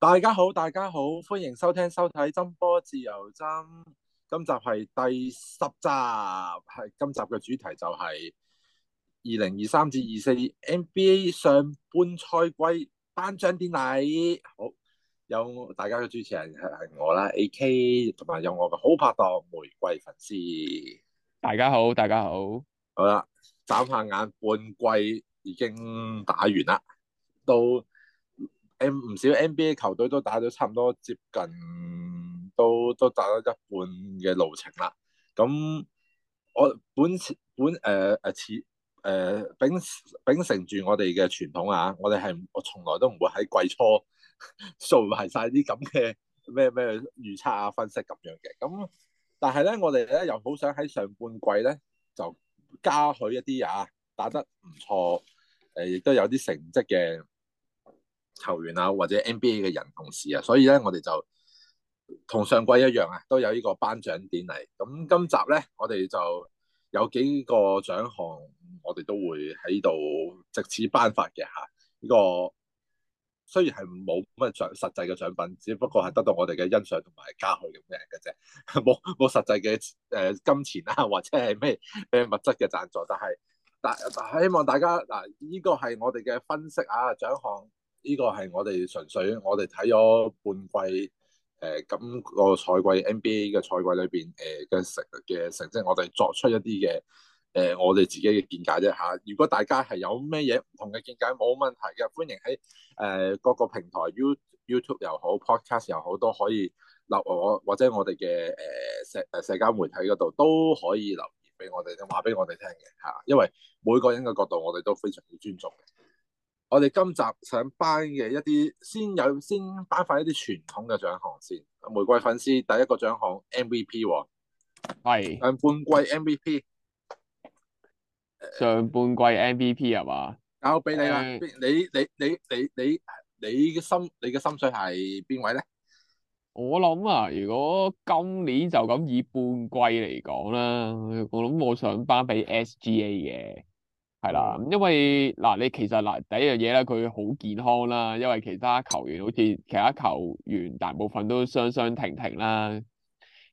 大家好，大家好，歡迎收聽收睇 Jumpball 自由斟，今集係第十集，係今集嘅主題就係二零二三至二四 NBA 上半賽季頒獎典禮。好，有大家嘅主持人係我啦，AK 同埋有我嘅好拍檔玫瑰粉絲。大家好，大家好，好啦，眨下眼，半季已經打完啦，都。誒，唔少 NBA 球隊都打咗差唔多接近都，都都打咗一半嘅路程啦。咁我本本誒誒、呃、似誒、呃、秉秉承住我哋嘅傳統啊，我哋係我從來都唔會喺季初掃埋晒啲咁嘅咩咩預測啊、分析咁樣嘅。咁但係咧，我哋咧又好想喺上半季咧就嘉許一啲啊，打得唔錯，誒、呃、亦都有啲成績嘅球員啊，或者 NBA 嘅人同事啊，所以咧，我哋就同上季一樣啊，都有呢個頒獎典禮。咁今集咧，我哋就有幾個獎項，我哋都會喺度藉此頒發嘅吓。呢、啊，這個雖然係冇乜獎，實際嘅獎品，只不過係得到我哋嘅欣賞同埋嘉許咁樣嘅啫，冇 冇實際嘅誒金錢啊，或者係咩誒物質嘅贊助。但係但係希望大家嗱，呢、啊，這個係我哋嘅分析啊，獎項。呢個係我哋純粹，我哋睇咗半季，誒、呃、今、咁個賽季 NBA 嘅賽季裏邊，誒嘅成嘅成績，我哋作出一啲嘅誒我哋自己嘅見解啫嚇。如果大家係有咩嘢唔同嘅見解，冇問題嘅，歡迎喺誒各個平台 You YouTube 又好，Podcast 又好，都可以留我或者我哋嘅誒社誒社交媒體嗰度都可以留言俾我哋，話俾我哋聽嘅嚇。因為每個人嘅角度，我哋都非常之尊重嘅。我哋今集上頒嘅一啲先有先頒發一啲傳統嘅獎項先，玫瑰粉絲第一個獎項 MVP 喎，係上半季 MVP，上半季 MVP 係嘛？交俾你啦，你你你你你你嘅心你嘅心水係邊位咧？我諗啊，如果今年就咁以半季嚟講啦，我諗我想頒俾 SGA 嘅。係啦，因為嗱，你其實嗱第一樣嘢，咧，佢好健康啦，因為其他球員好似其他球員大部分都傷傷停停啦，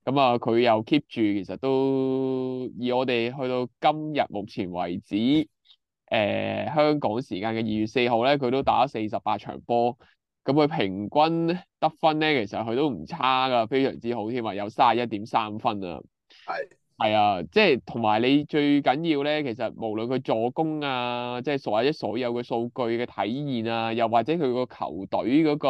咁啊佢又 keep 住，其實都以我哋去到今日目前為止，誒、呃、香港時間嘅二月四號咧，佢都打咗四十八場波，咁、嗯、佢平均得分咧，其實佢都唔差噶，非常之好添啊，有三十一點三分啊，係。係啊，即係同埋你最緊要咧，其實無論佢助攻啊，即係所謂所有嘅數據嘅體驗啊，又或者佢個球隊嗰個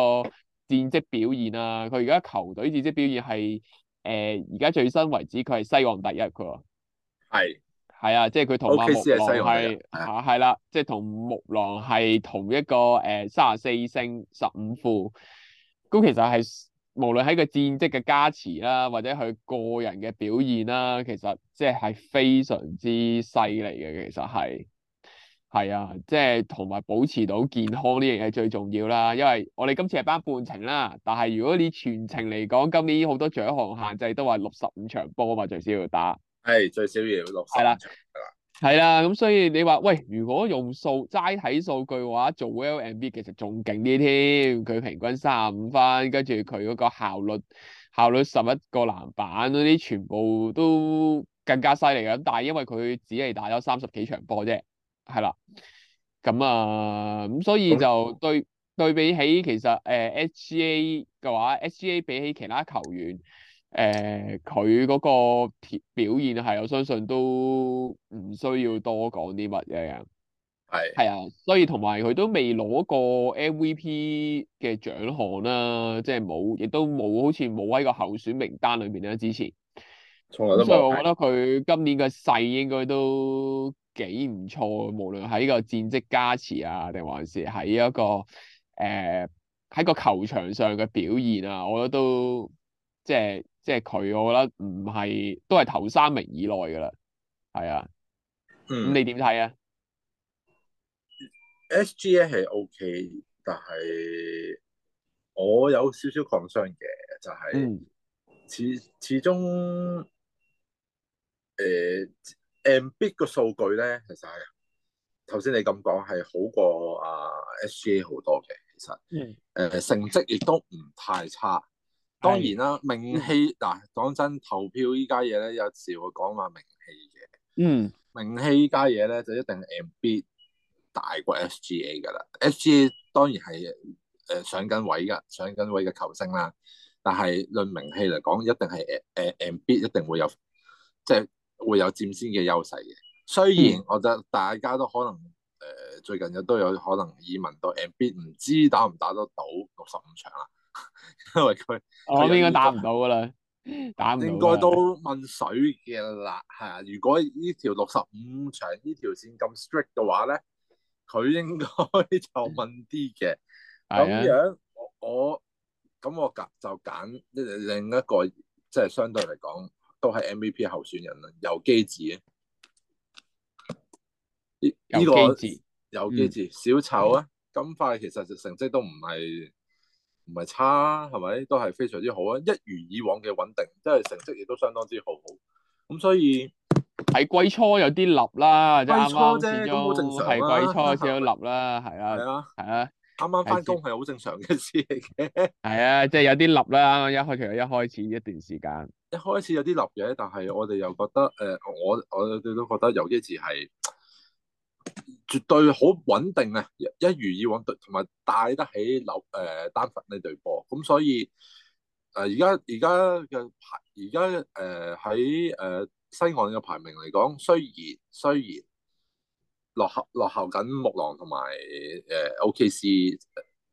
戰績表現啊，佢而家球隊戰績表現係誒而家最新為止，佢係西岸第一，佢話係係啊，即係佢同阿木狼係係啦，即係同木狼係同一個誒三十四勝十五負，咁、呃、其實係。無論喺個戰績嘅加持啦，或者佢個人嘅表現啦，其實即係非常之犀利嘅。其實係係啊，即係同埋保持到健康呢樣嘢最重要啦。因為我哋今次係班半程啦，但係如果你全程嚟講，今年好多獎項限制都話六十五場波啊嘛，最少要打係最少要六十五場。係啦，咁所以你話喂，如果用數齋睇數據嘅話，做 w e l l and b 其實仲勁啲添，佢平均卅五分，跟住佢嗰個效率效率十一個籃板嗰啲全部都更加犀利咁，但係因為佢只係打咗三十幾場波啫，係啦，咁啊，咁所以就對對比起其實誒、呃、SGA 嘅話 SGA 比起其他球員。誒，佢嗰、欸、個表表現係，我相信都唔需要多講啲乜嘢嘅，係係是啊。所以同埋佢都未攞過 MVP 嘅獎項啦、啊，即係冇，亦都冇好似冇喺個候選名單裏面啦、啊。之前，從來都冇。所以我覺得佢今年嘅勢應該都幾唔錯，是無論喺個戰績加持啊，定還是喺一個誒喺、欸、個球場上嘅表現啊，我覺得都即係。即係佢，我覺得唔係都係頭三名以內嘅啦，係啊。咁、嗯、你點睇啊？S, S G A 係 OK，但係我有少少抗傷嘅，就係、是嗯、始始終誒、呃、Embiid 個數據咧，其實頭先你咁講係好過啊、uh, S G A 好多嘅，其實誒、嗯呃、成績亦都唔太差。當然啦，名氣嗱講真，投票依家嘢咧，有時會講話名氣嘅。嗯、mm.，名氣依家嘢咧就一定係 M B 大過 S G A 㗎喇。S G A 當然係誒上緊位㗎，上緊位嘅球星啦。但係論名氣嚟講，一定係誒誒 M B 一定會有，即、就、係、是、會有佔先嘅優勢嘅。雖然我覺得大家都可能誒、呃、最近日都有可能耳聞到 M B 唔知打唔打得到六十五場啦。 因為佢他，佢、哦、應該打唔到噶啦，打唔應該都問水嘅啦，係啊。如果條條呢條六十五場呢條線咁 strict 嘅話咧，佢應該就問啲嘅。咁、 啊、樣我咁我揀就揀另另一個，即、就、係、是、相對嚟講都係 MVP 候選人啦，約基治啊，呢、這個約基治，約基治，小丑啊，嗯、金塊，其實就成績都唔係。唔係差、啊，係咪都係非常之好啊！一如以往嘅穩定，即係成績亦都相當之好。好。咁所以係季初有啲立啦，季初啫，咁好正常啊。係季初有少少立啦，係啊，係啊，啱啱翻工係好正常嘅事嚟嘅。係 啊，即係有啲立啦，啱啱一開場一開始一段時間，一開始有啲立嘅，但係我哋又覺得誒、呃，我我哋都覺得有啲字係。絕對好穩定啊！一一如以往，同埋帶得起樓誒、呃、丹佛呢隊波，咁所以誒而家而家嘅排而家誒喺誒西岸嘅排名嚟講，雖然雖然落後落後緊木狼同埋誒 O K C，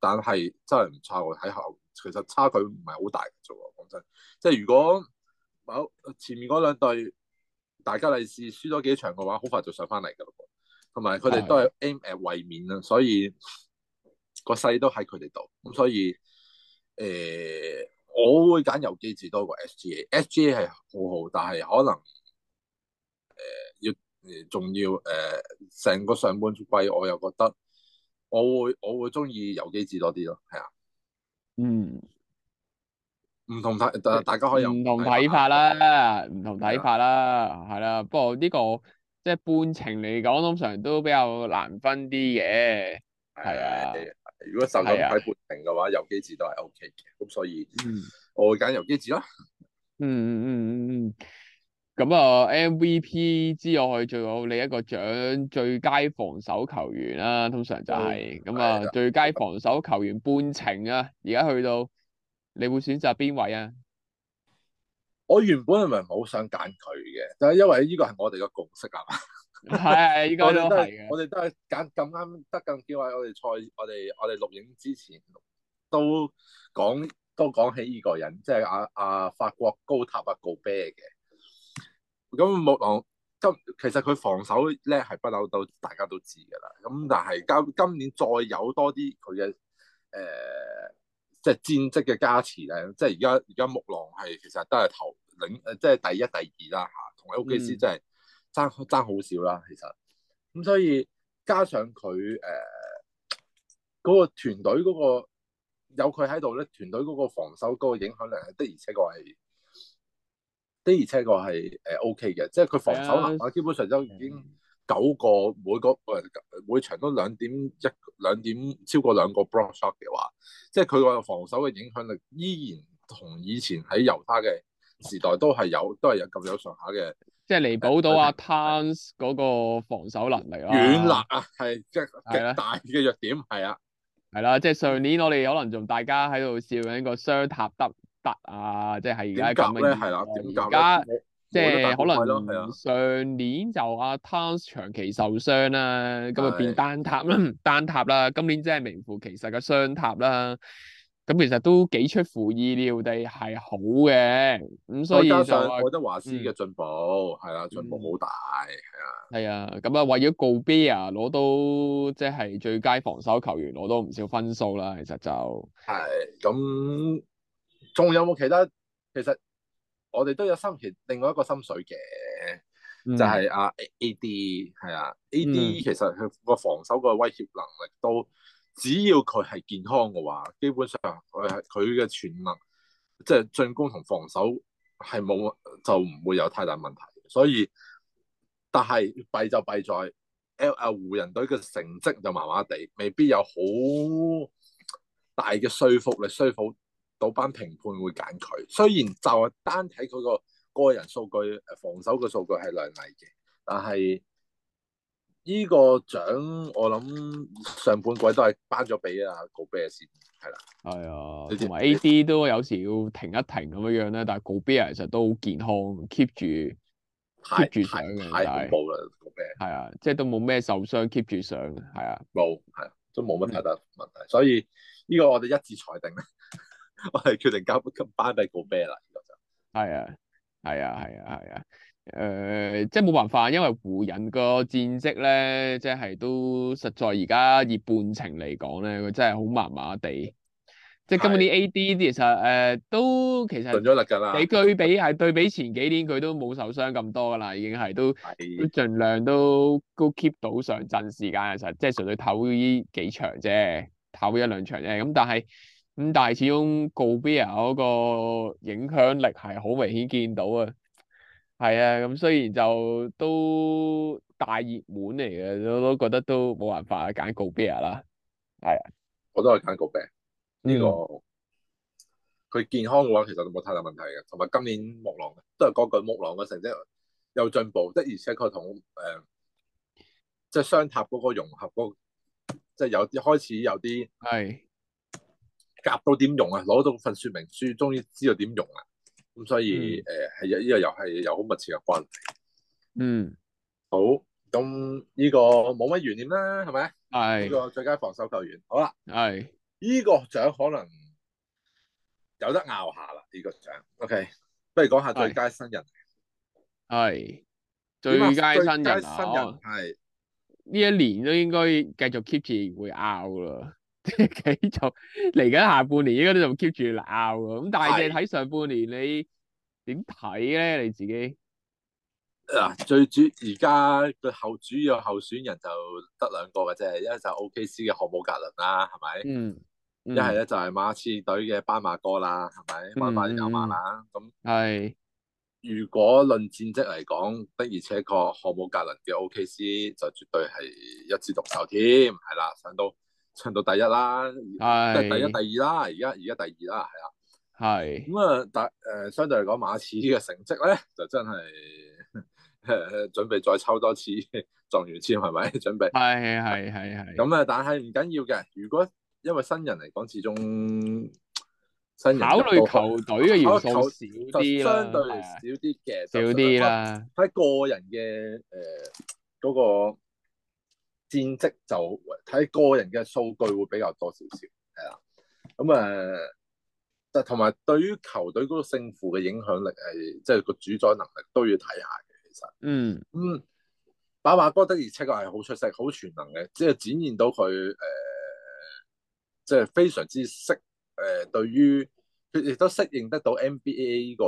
但係真係唔差喎。喺後其實差距唔係好大嘅啫，講真。即係如果、呃、前面嗰兩隊大吉利是輸咗幾場嘅話，好快就上翻嚟噶啦。同埋佢哋都係 aim at 衛冕啦，所以個勢都喺佢哋度。咁所以誒、呃，我會揀遊機智多過 SGA SGA 係好好，但係可能誒、呃、要仲要誒成個上半季，我又覺得我會我會鍾意遊機智多啲咯。係啊，嗯，唔同睇，大家可以有唔同睇法啦，唔同睇法啦，係啦、啊啊。不過呢個。即係半程嚟講，通常都比較難分啲嘅。係啊，啊如果受咗睇半程嘅話，遊、啊、機智都係 OK 嘅。咁所以我會游咯，我揀遊機智啦。嗯嗯嗯嗯，咁啊 MVP 之外，去最好你一個獎，最佳防守球員啦、啊。通常就係、是、咁、哦、啊，那啊最佳防守球員半程啊。而家去到你會選擇邊位啊？我原本係唔好想揀佢嘅，但係因為呢個係我哋嘅共識啊嘛。係， 依、這個 都係。我哋都係揀咁啱得咁，叫話我哋賽，我哋我哋錄影之前都講都講起呢個人，即係阿阿法國高塔阿、啊、高啤嘅。咁木狼今其實佢防守咧係不嬲都大家都知㗎啦。咁但係今今年再有多啲佢嘅誒，即係戰績嘅加持啊！即係而家而家木狼係其實都係頭。整即係第一、第二啦嚇，同 OKC、OK、真係爭爭好少啦。其實咁、嗯，所以加上佢誒嗰個團隊嗰、那個有佢喺度咧，團隊嗰個防守嗰個影響力的而且確係的而且確係誒、呃、O.K. 嘅，即係佢防守能力 Yeah. 基本上都已經九個、mm. 每個誒、呃、每場都兩點一兩點超過兩個 block shot 嘅話，即係佢個防守嘅影響力依然同以前喺猶他嘅。時代都係有，都係有咁有上下嘅，即係彌補到阿 Towns 嗰個防守能力咯。軟肋啊，係即係極大嘅弱點。係啊的，係啦，即係上年我哋可能仲大家喺度笑緊個雙塔得唔得啊？即係而家咁嘅嘢。點夾咧？係啦，點夾咧？即係可能上年就阿 Towns 長期受傷啦，咁啊的變單塔啦， 單塔啦。今年真係名副其實嘅雙塔啦。咁其實都幾出乎意料地係好嘅，咁所以加上就、嗯、覺得華斯嘅進步，係啦、嗯，進步好大，係啊，係啊，咁啊為咗 Gobert 啊，攞到即係最佳防守球員，攞到唔少分數啦，其實就係咁，仲有冇其他？其實我哋都有心其另外一個心水嘅、嗯、就係阿 A A D，係啊，A D 其實佢個防守個威脅能力都。只要佢係健康嘅話，基本上佢係佢嘅全能，即係進攻同防守係冇就唔會有太大問題。所以，但係弊就弊在 L 啊湖人隊嘅成績就麻麻地，未必有好大嘅說服力說服到班評判會揀佢。雖然就係單睇佢個個人數據，防守嘅數據係亮麗嘅，但係。呢個獎我諗上半季都係頒咗俾阿 Gobert 先，係啦、哎呦。係啊，你同埋 AD 都有時要停一停咁樣樣咧，但係 Gobert 其實都好健康，keep 住 keep 住獎嘅，但係冇啦。係啊，即係都冇咩受傷，keep 住上，係啊，冇係，都冇乜太大問題。 所以呢、這個我哋一致裁定咧， 我哋決定交班俾 Gobert 啦。呢、這個就係啊，係啊，係啊，係啊。誒、呃，即係冇辦法，因為湖人個戰績咧，即係都實在而家以半程嚟講咧，佢真係好麻麻地。即係今年 A D 啲，其實誒是、呃、都其實盡咗力噶啦。你對比係對比前幾年，佢都冇受傷咁多噶啦，已經係都是都盡量都都 keep 到上陣時間，其實即係純粹唞呢幾場啫，唞一兩場啫。咁但係咁但係，始終 Gobert 嗰個影響力係好明顯見到啊。係啊，咁雖然就都大熱門嚟嘅，我都覺得都冇辦法啊，揀告 b e 啦，係啊，我都係揀告 b e 呢個。佢、嗯、健康嘅話，其實都冇太大問題嘅。同埋今年木狼都係講句木狼嘅成績又進步，即而且佢同誒即係雙塔嗰個融合即、那、係、個就是、有啲開始有啲係夾到點用啊！攞到份說明書，終於知道點用啦、啊。咁所以誒係啊，呢、嗯呃這個又係有好密切嘅關係。嗯，好，咁呢個冇乜懸念啦，係咪？係呢是個最佳防守球員。好啦，係呢是個獎可能有得拗下啦，呢、這個獎。OK，不如講下最佳新人。係最佳新人、啊、最佳新人、啊，係呢、哦、一年都應該繼續 keep 住會拗啦。即係嚟緊下半年應該會，應該都仲 keep 住拗咁，但係你睇上半年的你點睇咧？你自己嗱，最主而家個後主要候選人就得兩個嘅啫，一就 O.K.C 嘅賀姆格倫啦，係咪、嗯？嗯，一係咧就係馬刺隊嘅斑馬哥啦，係咪？斑馬，馬有馬啦，咁係。如果論戰績嚟講，的而且確賀姆格倫嘅 O.K.C、OK、就絕對係一支獨秀添，係啦，上到。襯到第一啦，即係第一、第二啦，而家而家第二啦，係啦，係的。咁啊、嗯，但，誒相對嚟講，馬刺嘅成績咧，就真係準備再抽多次狀元籤，係咪？準備。係係係係。咁啊的，但係唔緊要嘅，如果因為新人嚟講，始終新人考慮球隊嘅元素少啲，相對的少啲嘅，少啲啦。喺個人嘅誒嗰個。戰績就睇個人嘅數據會比較多少少，係啦。咁、嗯、誒，就同埋對於球隊嗰個勝負嘅影響力係，即係個主宰能力都要睇下嘅。其實，嗯、咁、嗯、馬馬哥嘅確確係好出色、好全能嘅，即、就、係、是、展現到佢誒，即、呃、係、就是、非常之適誒。對於佢亦都適應得到 NBA 呢、這個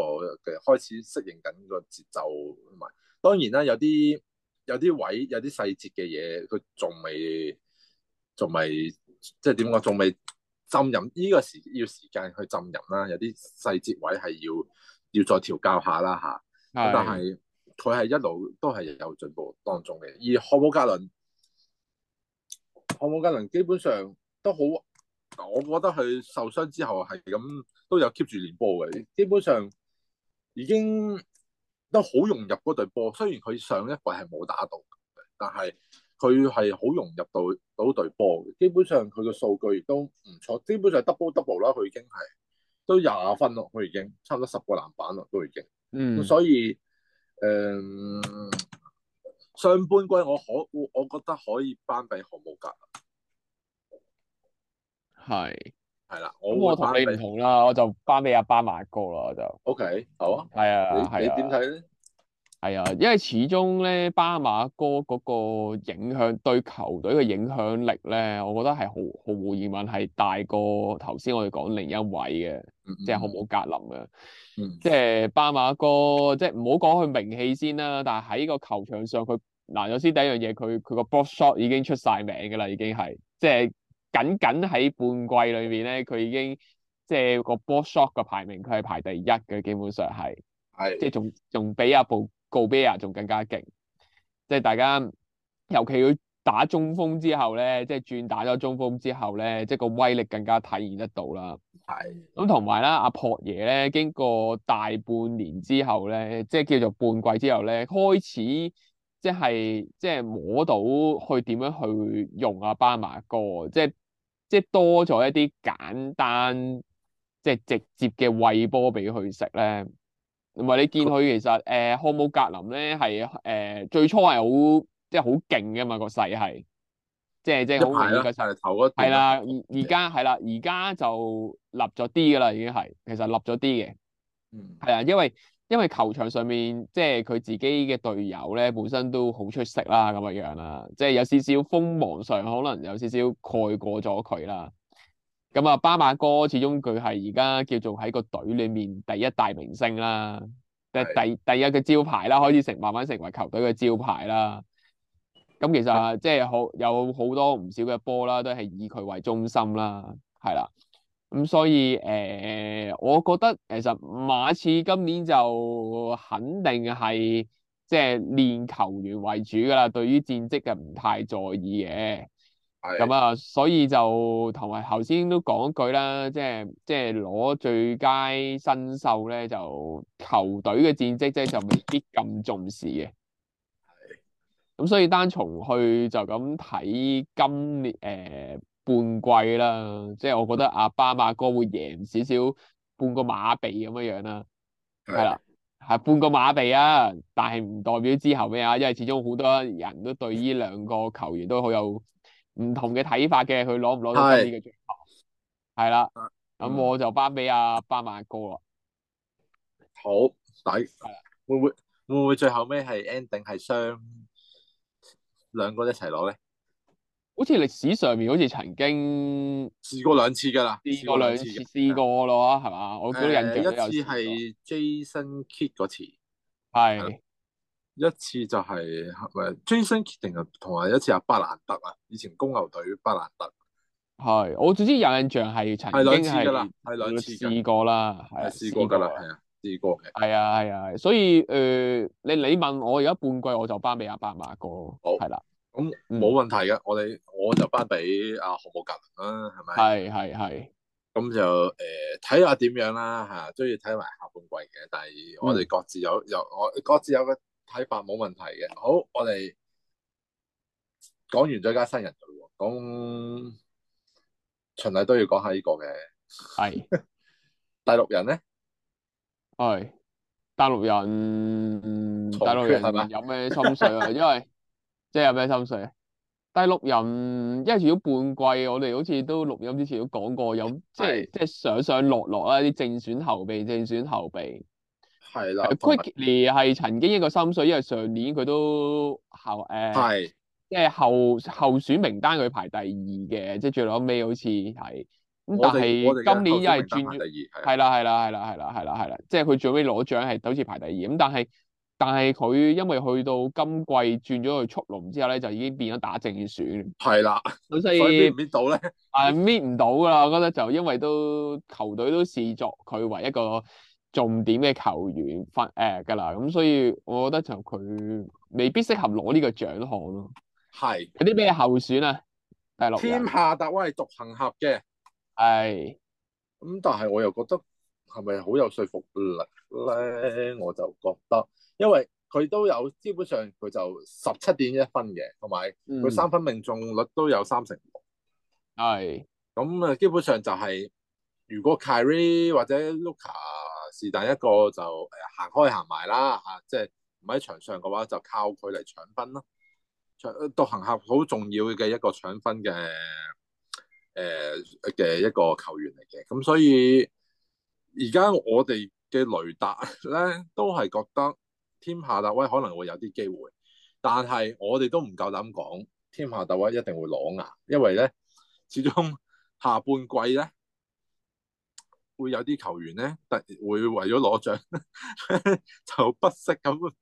嘅開始適應緊個節奏，同、嗯、埋當然啦，有啲。有啲位有啲細節嘅嘢，佢仲未仲未即係點講？仲未浸淫呢、這個時要時間去浸淫啦。有啲細節位係要要再調教下啦嚇。但係佢係一路都係有進步當中嘅。而漢堡格倫，漢堡格倫基本上都好，我覺得佢受傷之後係咁都有 keep 住練波嘅。基本上已經。都好融入嗰隊波，雖然佢上一季係冇打到，但係佢係好融入到到隊波嘅。基本上佢個數據亦都唔錯，基本上 double double 啦，佢已經係都廿分咯，佢已經差唔多十個籃板咯，都已經。嗯，所以誒、呃、上半季我可我覺得可以頒俾何慕格，係。係啦，咁我,你我你同你唔同啦，我就頒俾阿巴馬哥啦，我就。O、okay, K，好啊。係啊的，係啊你。點睇咧？係啊，因為始終咧，巴馬哥嗰個影響對球隊嘅影響力咧，我覺得係毫毫無疑問係大過頭先我哋講另一位嘅，即係何武格林啊，即係、mm hmm. 巴馬哥，即係唔好講佢名氣先啦，但係喺個球場上佢嗱，首先第一樣嘢，佢佢個 box shot 已經出晒名噶啦，已經係即係。就是僅僅喺半季裏面咧，佢已經即係個 block shot 嘅排名，佢係排第一嘅，基本上係，係的即係仲仲比阿布告比亞仲更加勁。即係大家尤其佢打中鋒之後咧，即係轉打咗中鋒之後咧，即係個威力更加體現得到啦。係咁，同埋咧，阿博野咧經過大半年之後咧，即係叫做半季之後咧，開始即係即係摸到去點樣去用阿巴馬哥，即係。即係多咗一啲簡單，即係直接嘅餵波俾佢食咧，同埋 你見佢其實誒，漢姆格林咧係誒最初係好即係好勁嘅嘛，個勢係，即係即係好。一排啦，頭 嗰，係啦、啊，而而家係啦，而家就立咗啲噶啦，已經係其實立咗啲嘅，嗯，係 啊，因為。因為球場上面，即係佢自己嘅隊友咧，本身都好出色啦，咁樣樣啦，即係有少少鋒芒上，可能有少少蓋過咗佢啦。咁啊，巴馬哥始終佢係而家叫做喺個隊裏面第一大明星啦，是第第第一個招牌啦，可以成慢慢成為球隊嘅招牌啦。咁其實是即係好有好多唔少嘅波啦，都係以佢為中心啦，係啦。咁所以誒、呃，我覺得其實馬刺今年就肯定係即係練球員為主噶啦，對於戰績就唔太在意嘅。係的。咁啊，所以就同埋頭先都講一句啦，即係即係攞最佳新秀咧，就球隊嘅戰績即係就未必咁重視嘅。係的。咁所以單從去就咁睇今年誒。呃半季啦，即係我覺得阿巴馬哥會贏少少，半個馬鼻咁樣樣啦，係啦的，係半個馬鼻啊，但係唔代表之後咩啊，因為始終好多人都對呢兩個球員都好有唔同嘅睇法嘅，佢攞唔攞到呢個獎？係啦的，咁我就頒俾阿巴馬哥啦。好，抵。係啦的，會唔會會唔會最後尾係 ending 係雙兩個一齊攞咧？好似歷史上面好似曾經試過兩次噶啦，試過兩次，次，次，次，試過咯，係嘛？我記得印象一次係 Jason Kidd 嗰次，係一次就係咪 Jason Kidd 定同埋一次阿巴蘭德啊，ridge, 以前公牛隊巴蘭德，係我總之有印象係曾經係兩次噶啦，係兩次試過啦，係試過噶啦，係啊，試過嘅，係啊係啊，所以誒你、呃、你問我而家半季我就頒俾阿伯馬哥，係啦。咁冇、嗯、問題嘅，我哋我就頒俾阿何莫格啦，係咪？係係係，咁就誒睇下點樣啦吓，都要睇埋下半季嘅。但係我哋各自有、嗯、有我各自有個睇法，冇問題嘅。好，我哋講完再加新人嘅，咁、嗯、循例都要講下個是 呢個嘅。係第六人咧，係第六人，第六人係咪？有咩心水啊？因為 即係有咩心水啊？第六人，因為如果半季，我哋好似都錄音之前都講過，有即係即係上上落落啦，啲正選後備，正選後備。係啦。Quickley 係曾經一個心水，因為上年佢都後誒，即係候候選名單佢排第二嘅，即係最後尾好似係。咁但係今年又係轉，係啦係啦係啦係啦係啦係啦，即係佢最尾攞獎係好似排第二咁，但係。但係佢因為去到今季轉咗去速龍之後咧，就已經變咗打正選。係啦的，所以搣唔搣到咧？係搣唔到噶啦，我覺得就因為都球隊都視作佢為一個重點嘅球員發誒噶啦，咁、欸、所以我覺得就佢未必適合攞呢個獎項咯。係有啲咩候選啊？第六天夏達威係獨行俠嘅。係咁、哎，但係我又覺得。係咪好有說服力咧？我就覺得，因為佢都有，基本上佢就十七點一分嘅，同埋佢三分命中率都有三成六、嗯，係咁啊。基本上就係如果 Kyrie 或者 Luka 是但一個就誒行開行埋啦吓，即係唔喺場上嘅話就靠佢嚟搶分咯，獨行俠好重要嘅一個搶分嘅誒嘅一個球員嚟嘅，咁所以。而家我哋嘅雷達咧，都係覺得天下大威可能會有啲機會，但係我哋都唔夠膽講天下大威一定會攞牙。因為咧始終下半季咧會有啲球員咧特會為咗攞獎 就不惜咁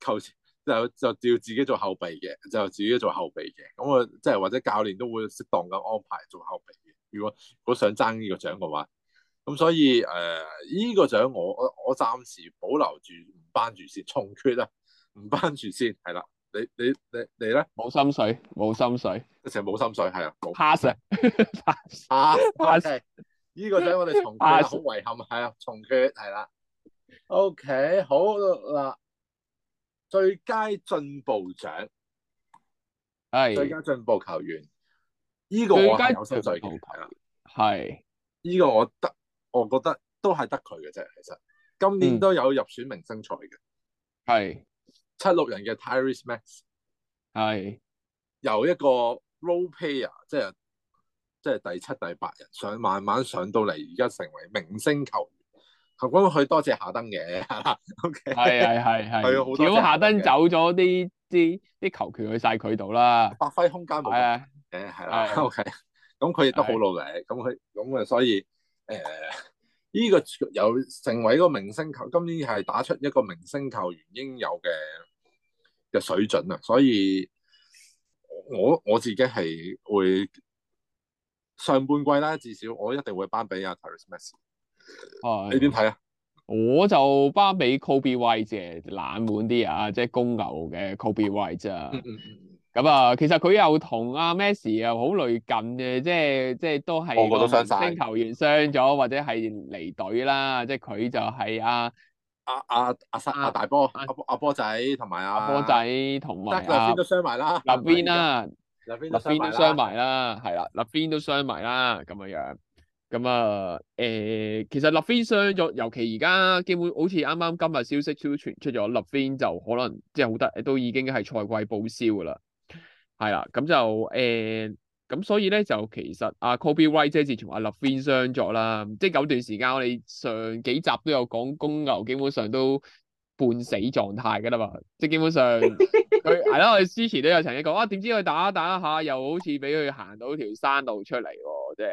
求就就照自己做後備嘅，就自己做後備嘅。咁啊，即係或者教練都會適當咁安排做後備嘅。如果如果想爭呢個獎嘅話，咁所以誒，呢個獎我我我暫時保留住，唔頒住先，重缺啊，唔頒住先，係啦，你你你你咧，冇心水，冇心水，一直冇心水，係啊，pass 啊，pass，呢個獎我哋重缺，好遺憾，係啊，重缺，係啦，OK，好啦，最佳進步獎，係，最佳進步球員，呢個我係有心水嘅，係，呢個我得。我覺得都係得佢嘅啫，其實今年都有入選明星賽嘅是，係七六人嘅 Tyrese Maxey，係由一個 role player，l 即係即係第七第八人想慢慢上到嚟，而家成為明星球員。咁佢多謝夏登嘅 ，OK，係係係係，如果夏登走咗，啲啲啲球權去晒佢度啦，發揮空間冇，誒係啦，OK，咁佢亦都好努力，咁佢咁啊所以。誒，呢、呃這個有成為一個明星球，今年係打出一個明星球員應有嘅嘅水準啦，所以我我自己係會上半季啦，至少我一定會頒俾阿 Tyrese Maxey。哦，你點睇啊？我就頒俾 Coby White 啫，冷門啲啊，即係公牛嘅 Coby White 啫。嗯嗯咁啊，其實佢又同阿 Messi 又好類近嘅，即係即係都係個球星，球員傷咗或者係離隊啦。即係佢就係阿阿阿阿阿大波、阿阿波仔同埋阿波仔同埋立邊都傷埋啦。立邊啦。立邊都傷埋啦，係啦，立邊都傷埋啦，咁樣樣。咁啊，誒，其實立邊傷咗，尤其而家基本好似啱啱今日消息都傳出咗，立邊就可能即係好得，都已經係賽季報銷噶啦。係啦，咁就誒，咁、欸、所以咧就其實阿、啊、Kobe White 姐自從阿、啊、LaVine 傷咗啦，即係有段時間我哋上幾集都有講公牛基本上都半死狀態嘅啦嘛，即係基本上佢係啦，我哋之前都有曾經講，哇、啊、點知佢打打，打一下又好似俾佢行到條山路出嚟喎、哦，即係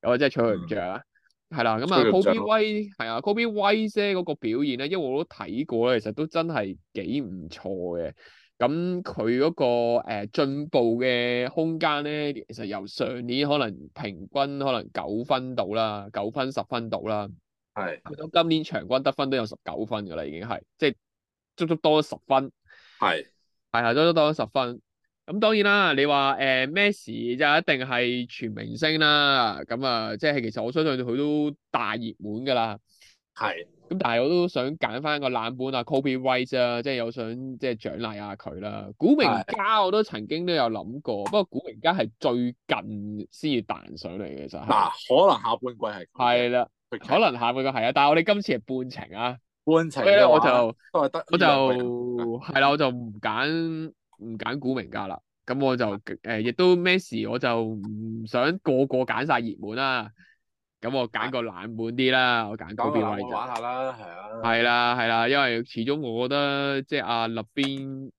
咁、嗯、啊真係出佢唔着啦，係啦，咁啊 Kobe White 係啊 Kobe White 姐嗰個表現咧，因為我都睇過咧，其實都真係幾唔錯嘅。咁佢嗰個誒、呃、進步嘅空間咧，其實由上年可能平均可能九分到啦，九分十分到啦，係的。到今年場均得分都有十九分噶啦，已經係即係足足多咗十分。係係啊，足足多咗十分。咁當然啦，你話誒 Maxey 就一定係全明星啦。咁啊，即係其實我相信佢都大熱門噶啦。係。咁但係我都想揀翻個冷盤啊，Copy Rice、right、啊，即係有想即係獎勵下佢啦。股名家我都曾經都有諗過，的不過股名家係最近先至彈上嚟嘅啫。嗱，可能下半季係係啦，的情可能下半季係啊，但係我哋今次係半程啊，半程咧，我就我就係啦，我就唔揀唔揀股名家啦。咁我就誒亦 都咩事，我就唔想個個揀晒熱門啊。咁、嗯、我揀個冷門啲啦，我揀高比韋特，玩下啦，係啊。係啦係啦，因為始終我覺得即係阿立邊，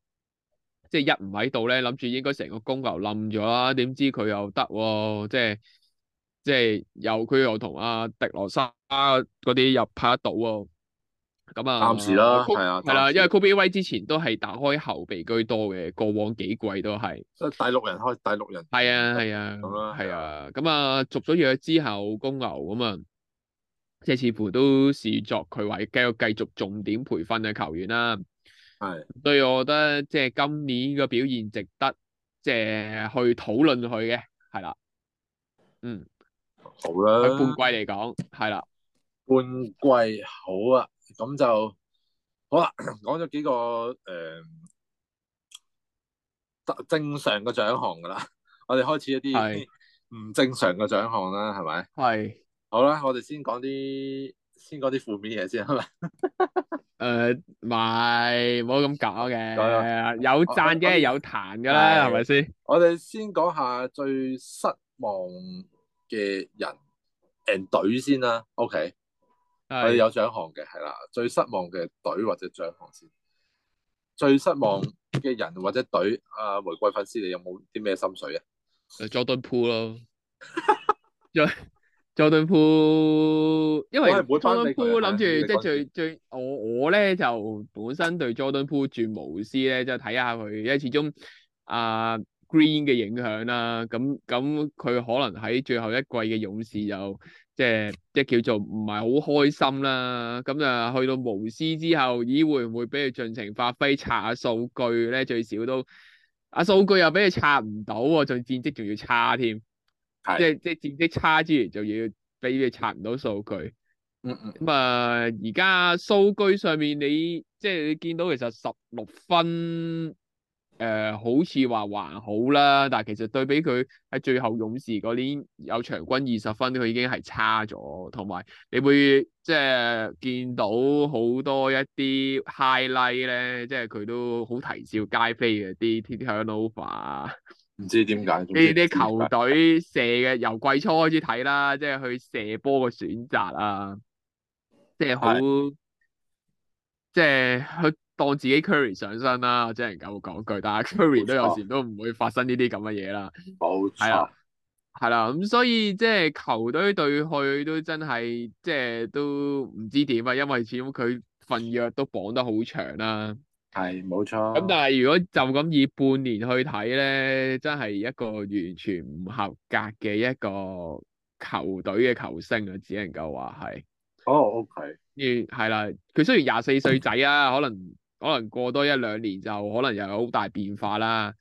即係、啊、一唔喺度咧，諗住應該成個公牛冧咗啦。點知佢又得喎、啊，即係即係又佢又同阿、啊、迪羅莎嗰啲又拍得到喎、啊。咁啊，暫時啦，係啊，係啦，因為 Coby White 之前都係打開後備居多嘅，過往幾季都係。即係第六人開，第六人。係啊，係啊，係啊。咁啊，續咗約之後，公牛咁啊，即係似乎都視作佢為繼續繼續重點培訓嘅球員啦。係。所以我覺得即係今年嘅表現值得即係去討論佢嘅，係啦。嗯。好啦。半季嚟講，係啦。半季好啊。咁就好啦，講咗幾個誒，得、呃、正常嘅獎項噶啦，我哋開始一啲唔正常嘅獎項啦，係咪？係。好啦，我哋先講啲，先講啲負面嘢、 呃、吧先，係咪？誒，唔係，唔好咁搞嘅，有贊嘅有彈噶啦，係咪先？我哋先講下最失望嘅人 and 隊先啦，OK。係有獎項嘅，係啦。最失望嘅隊或者獎項先，最失望嘅人或者隊，阿玫瑰粉絲，你有冇啲咩心水啊？Jordan Poole 咯 ，Jordan Poole，因為 Jordan Poole 諗住即最最，我我咧就本身對 Jordan Poole 轉巫師咧，即係睇下佢，因為始終阿、啊、Green 嘅影響啦、啊，咁咁佢可能喺最後一季嘅勇士就。即係即係叫做唔係好開心啦，咁啊去到無私之後，咦會唔會俾佢盡情發揮刷數據咧？最少都啊數據又俾佢刷唔到，仲戰績仲要差添的，即係即係戰績差之餘，仲要俾佢刷唔到數據。嗯嗯，咁啊而家數據上面你即係你見到其實十六分。誒、呃、好似話還好啦，但係其實對比佢喺最後勇士嗰年有場均二十分，佢已經係差咗。同埋你會即係見到好多一啲 highlight 咧，即係佢都好啼笑皆非嘅啲 turnover 啊。唔知點解呢啲球隊射嘅，由季初開始睇啦，即係佢射波嘅選擇啊，即係好，的即係佢。當自己 Curry 上身啦，我只能夠講句，但係 Curry 都有時都唔會發生呢啲咁嘅嘢啦。冇錯，係啦，係啦，咁所以即係球隊對佢都真係，即係都唔知點啊，因為始終佢份約都綁得好長啦。係冇錯。咁但係如果就咁以半年去睇咧，真係一個完全唔合格嘅一個球隊嘅球星啊，只能夠話係。哦，OK，跟係啦，佢雖然廿四歲仔啊，嗯，可能。可能過多一兩年就可能又有好大變化啦。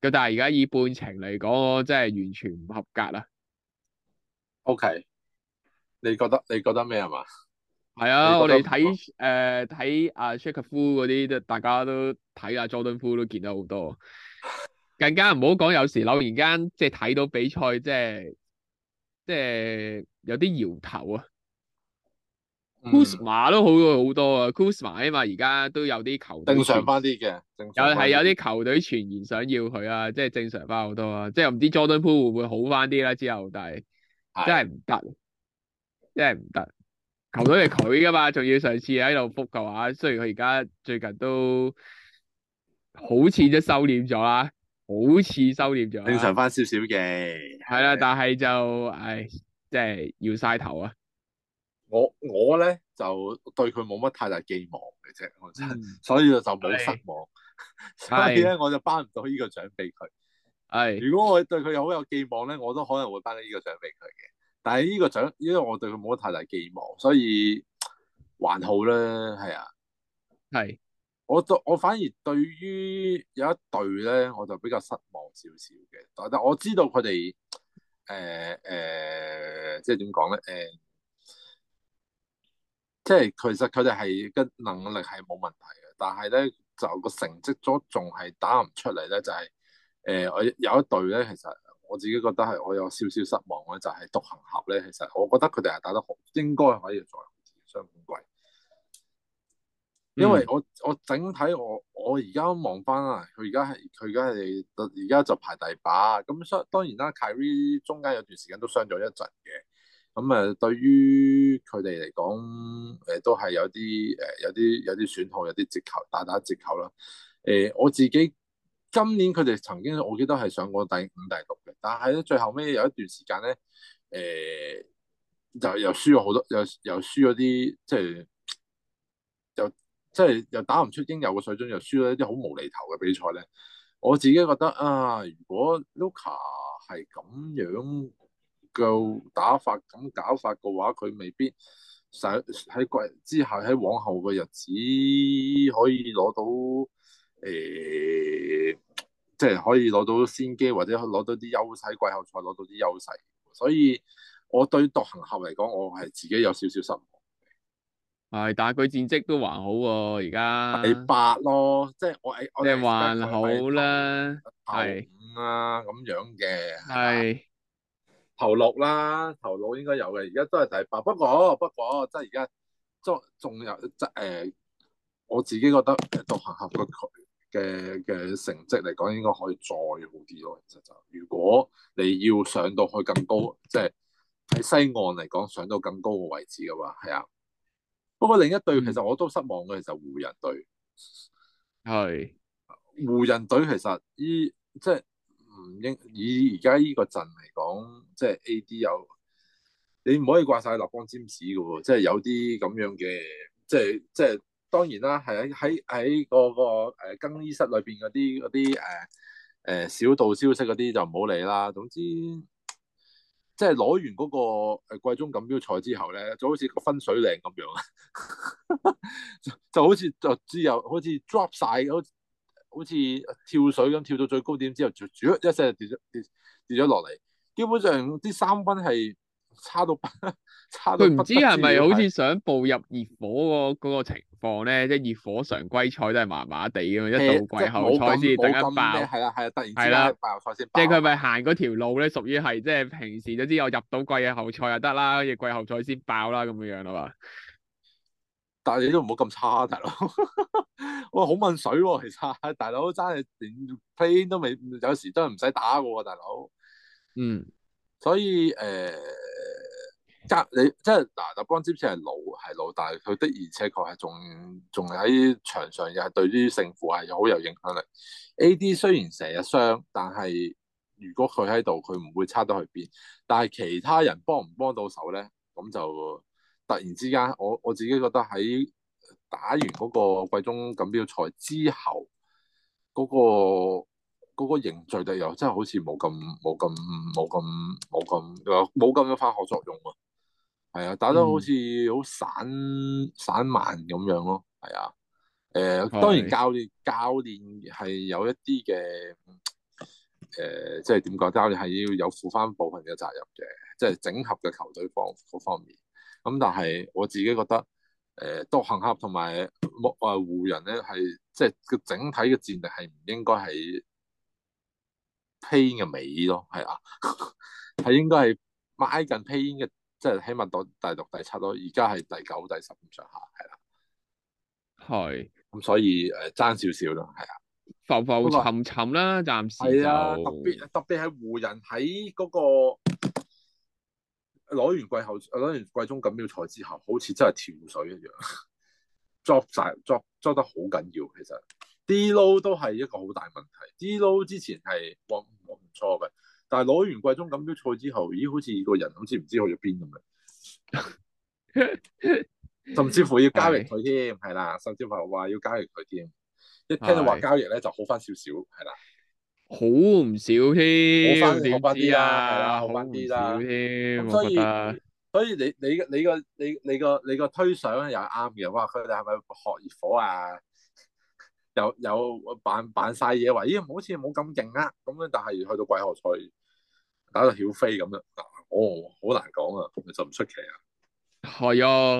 咁但係而家以半程嚟講，我真係完全唔合格啦。OK，你覺得你覺得咩係嘛？係啊，我哋睇誒睇阿 Shake 謝卡夫嗰啲，大家都睇阿莊敦夫都見到好多，更加唔好講，有時偶然間即係睇到比賽，即係即係有啲搖頭啊。嗯、Kuzma 都好咗好多啊，Kuzma 起碼而家都有啲球隊正常翻啲嘅，正常有係有啲球隊傳言想要佢啊，即、就、係、是、正常翻好多啊，即係唔知 Jordan Poole 會唔會好翻啲啦？之後但係的真係唔得，真係唔得，球隊係佢噶嘛，仲要上次喺度復舊啊，雖然佢而家最近都好似都收斂咗啦，好似收斂咗、啊，正常翻少少嘅，係啦的，的但係就唉，即、哎、係、就是、要晒頭啊。我我咧就對佢冇乜太大寄望嘅啫，我真所以就就冇失望，的 所以咧我就頒唔到呢個獎俾佢。係的如果我對佢有好有寄望咧，我都可能會頒到呢個獎俾佢嘅。但係呢個獎，因為我對佢冇乜太大寄望，所以還好啦。係啊，係的我就我反而對於有一隊咧，我就比較失望少少嘅。但我知道佢哋誒誒，即係點講咧誒。呃即係其實佢哋係嘅能力係冇問題嘅，但係咧就個成績咗仲係打唔出嚟咧，就係、是、誒、呃、我有一隊咧，其實我自己覺得係我有少少失望嘅，就係、是、獨行俠咧，其實我覺得佢哋係打得好，應該可以再上冠軍。因為我我整體我我而家望翻啊，佢而家係佢而家係而家就排第八，咁所以當然啦，Kyrie 中間有段時間都傷咗一陣嘅。咁誒、嗯，對於佢哋嚟講，誒、呃、都係有啲誒、呃，有啲有啲損耗，有啲折扣，打打折扣啦。誒、呃，我自己今年佢哋曾經，我記得係上過第五、第六嘅，但係咧最後尾有一段時間咧，誒、呃、就又輸咗好多，又又輸咗啲，即係又即係又打唔出應有嘅水準，又輸咗一啲好無厘頭嘅比賽咧。我自己覺得啊，如果 Luka 係咁樣，就打法咁搞法嘅話，佢未必想喺季之後，喺往後嘅日子可以攞到誒，即、欸、係、就是、可以攞到先機或者攞到啲優勢，季後賽攞到啲優勢。所以我對獨行俠嚟講，我係自己有少少失望。係，但係佢戰績都還好，而、啊、家第八咯，即係我我哋還好啦，係啊咁樣嘅係。是頭六啦，頭腦應該有嘅，而家都係第八。不過不過，即係而家仲仲有即係、呃、我自己覺得獨行俠嘅佢嘅嘅成績嚟講，應該可以再好啲咯。其實就如果你要上到去更高，即係喺西岸嚟講上到更高嘅位置嘅話，係啊。不過另一隊其實我都失望嘅，其實就湖人隊係湖人隊，是湖人隊其實依即係。唔應以而家依個陣嚟講，即係 A.D. 有你唔可以掛晒立邦占士嘅喎，即係有啲咁樣嘅，即係即係當然啦，係喺喺喺個個更衣室裏邊嗰啲嗰啲誒誒小道消息嗰啲就唔好理啦。總之，即係攞完嗰個誒季中錦標賽之後咧，就好似個分水嶺咁樣， 就就好似就之後好似 drop 晒。好好似跳水咁，跳到最高點之後，著一聲就跌咗跌跌咗落嚟。基本上啲三分係差到，佢唔知係咪好似想步入熱火個嗰的個情況咧？即係熱火常規賽都係麻麻地咁，的一到季後賽先突然間爆。係啦係啦，突然之間季後賽先的。即係佢咪行嗰條路咧？屬於係即係平時嗰啲，我入到季嘅後賽就得啦，而季後賽先爆啦咁樣咯，係嘛？但你都唔好咁差、啊，大佬， 哇好問水喎，其實、啊、大佬真係連 plan 都未，有時都係唔使打嘅喎、啊，大佬。嗯，所以誒，隔、呃、你即係嗱，立邦占士係老係老，但係佢的而且確係仲仲喺場上，又係對啲勝負係好有影響力。A.D 雖然成日傷，但係如果佢喺度，佢唔會差得去邊。但係其他人幫唔幫到手咧，咁就～突然之間，我我自己覺得喺打完嗰個季中錦標賽之後，嗰、嗰個嗰、嗰個、凝聚力又真係好似冇咁冇咁冇咁冇咁冇咁嘅化學作用啊。係啊，打得好似好散、嗯、散漫咁樣咯。係啊，誒、呃、當然教練是教練係有一啲嘅誒，即係點講？教練係要有負翻部分嘅責任嘅，即、就、係、是、整合嘅球隊方方面。咁但係我自己覺得，誒獨行俠同埋木湖人咧，係即係個整體嘅戰力係唔應該係 Play-in 嘅尾咯，係啊，係 應該係埋近 Play-in 嘅，即係起碼到第六、第七咯，而家係第九、第十咁上下，係啦、啊，係咁是所以誒爭少少咯，係、呃、啊，浮浮沉沉啦，暫時就、啊、特別特別係湖人喺嗰、那個。攞完季後，攞完季中錦標賽之後，好似真係跳水一樣，作曬作作得好緊要。其實 DLO 都係一個好大問題。DLO 之前係運唔錯嘅，但係攞完季中錦標賽之後，咦？好似個人好似唔知去咗邊咁樣， 甚至乎要交易佢添，係啦。 甚至乎話要交易佢添，一聽到話交易咧就好翻少少，係啦。好唔少添，好返啲啊？好唔啲添，嗯、我覺得，啊、所以你你你個你你個你個推想又係啱嘅。哇！佢哋係咪學熱火啊？有有扮扮曬嘢話，咦？冇好似冇咁勁啊！咁樣，但係去到季後賽打到曉飛咁樣，哦，好難講啊，就唔出奇啊。係啊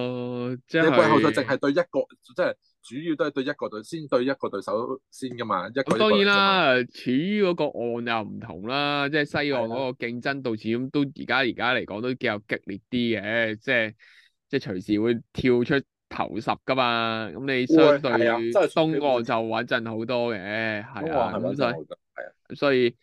說，即係季後賽淨係對一個，即係。主要都係對一個隊，先對一個對手先噶嘛。咁當然啦，處於嗰個岸又唔同啦，即係西岸嗰個競爭度咁都而家而家嚟講都比較激烈啲嘅，即係即係隨時會跳出頭十噶嘛。咁你相對東岸就穩陣好多嘅，係啊，咁所以係啊，所以咁、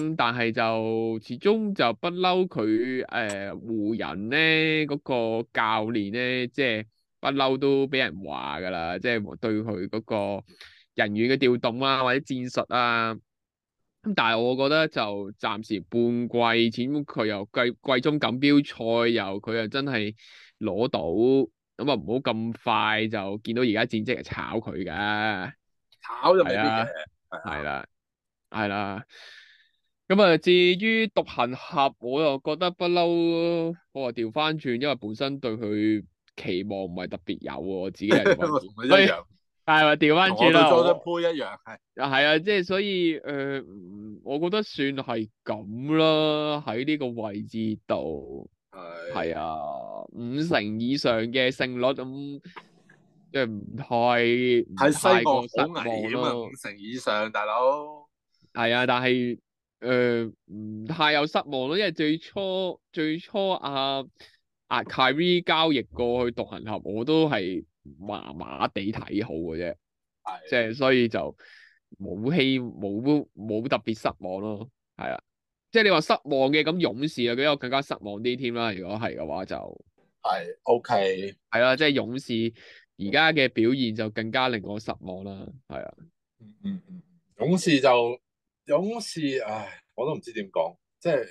嗯、但係就始終就不嬲佢誒湖人咧嗰、嗰個教練咧即係。不嬲都俾人話㗎啦，即係對佢嗰個人員嘅調動啊，或者戰術啊。咁但係我覺得就暫時半季，佢又季季中錦標賽又佢又真係攞到，咁啊唔好咁快就見到而家戰績嚟炒佢嘅。炒就係啊的，係啦，係啦。咁啊，至於獨行俠，我就覺得不嬲，我話調翻轉，因為本身對佢。期望唔係特別有喎，我自己係、啊，所以係話調翻轉啦，做得莊一樣係，啊係啊，即係所以誒，我覺得算係咁啦，喺呢個位置度係係啊，五成以上嘅勝率咁、嗯，即係唔太係西部好危險啊，五成以上大佬係啊，但係誒唔太有失望咯、啊，因為最初最初阿、啊。阿 Kyrie 交易過去獨行俠，我都係麻麻地睇好嘅啫，的即係所以就冇希冇冇特別失望咯，係啊，即係你話失望嘅咁勇士啊，我更加失望啲添啦，如果係嘅話就係 OK，係啦，即係勇士而家嘅表現就更加令我失望啦，係啊、嗯，勇士就勇士，唉，我都唔知點講，即係。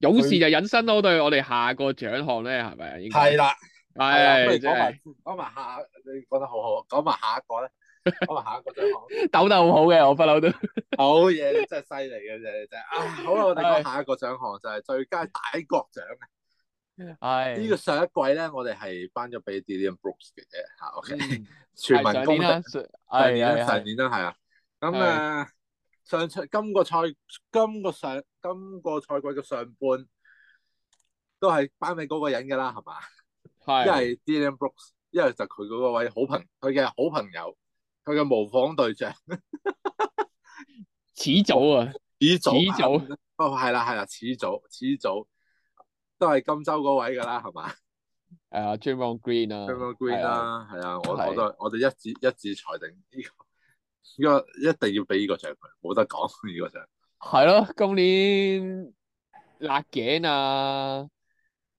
勇士就引申到對我哋下個獎項咧，係咪啊？係啦，係，不如講埋講埋下，你講得好好，講埋下一個咧，講埋下一個獎項，抖得好好嘅，我不嬲都好嘢，真係犀利嘅，真係真係啊！好啦，我哋講下一個獎項就係最佳大國獎，係呢個上一季咧，我哋係頒咗俾 Dillon Brooks 嘅啫吓，OK，全民公決係啊，上年都係啊，咁啊。上賽今個賽今個上今個賽季嘅上半都係班尾嗰個人嘅啦，係嘛？係，一係 Dillon Brooks，因係就佢嗰位好朋佢嘅好朋友，佢嘅模仿對象。始祖啊，始祖，哦，係啦，係啦，始祖，始祖都係金州嗰位嘅啦，係嘛？係啊，Draymond Green 啊，Draymond Green 啦，係啊，我我我哋一致一致裁定呢個。依個一定要俾呢個獎佢，冇得講呢個獎。係咯，今年辣頸啊，誒、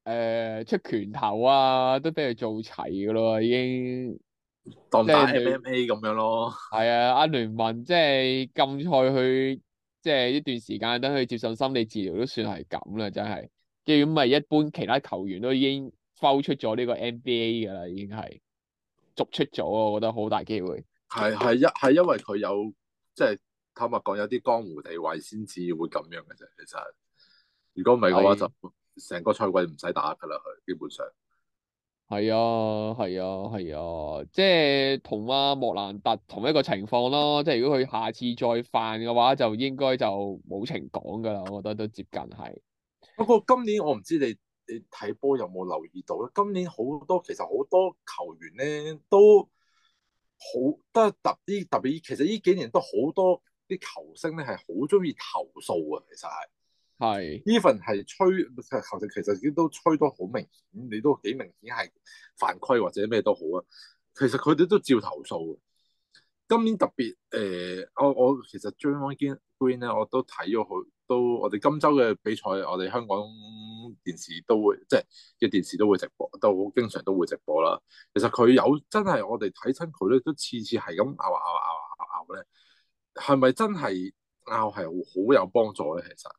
呃、出拳頭啊，都俾佢做齊噶咯，已經當打 MMA 咁樣咯。係啊，阿聯盟即係禁賽佢，即係呢段時間等佢接受心理治療都算係咁啦，真係。既然唔係一般其他球員都已經翻出咗呢個 NBA 噶啦，已經係逐出咗，我覺得好大機會。係係一係因為佢有即係坦白講有啲江湖地位先至會咁樣嘅啫，其實如果唔係嘅話、啊、就成個賽季唔使打噶啦，佢基本上係啊係啊係啊，即係同阿莫蘭特同一個情況咯。即係如果佢下次再犯嘅話，就應該就冇情講噶啦。我覺得都接近係。不過今年我唔知你你睇波有冇留意到咧？今年好多其實好多球員咧都，好得特別特別，其實呢幾年都好多啲球星咧，係好中意投訴啊。其實係，係呢份係吹，其實球其實已經都吹得好明顯，你都幾明顯係犯規或者咩都好啊。其實佢哋都照投訴。今年特別誒、呃，我我其實 Jamey Green 咧，我都睇咗好，都我哋今周嘅比賽，我哋香港。電視都會，即係嘅電視都會直播，都經常都會直播啦。其實佢有真係，我哋睇親佢咧，都次次係咁拗拗拗拗拗咧，係咪真係拗係好有幫助咧？其實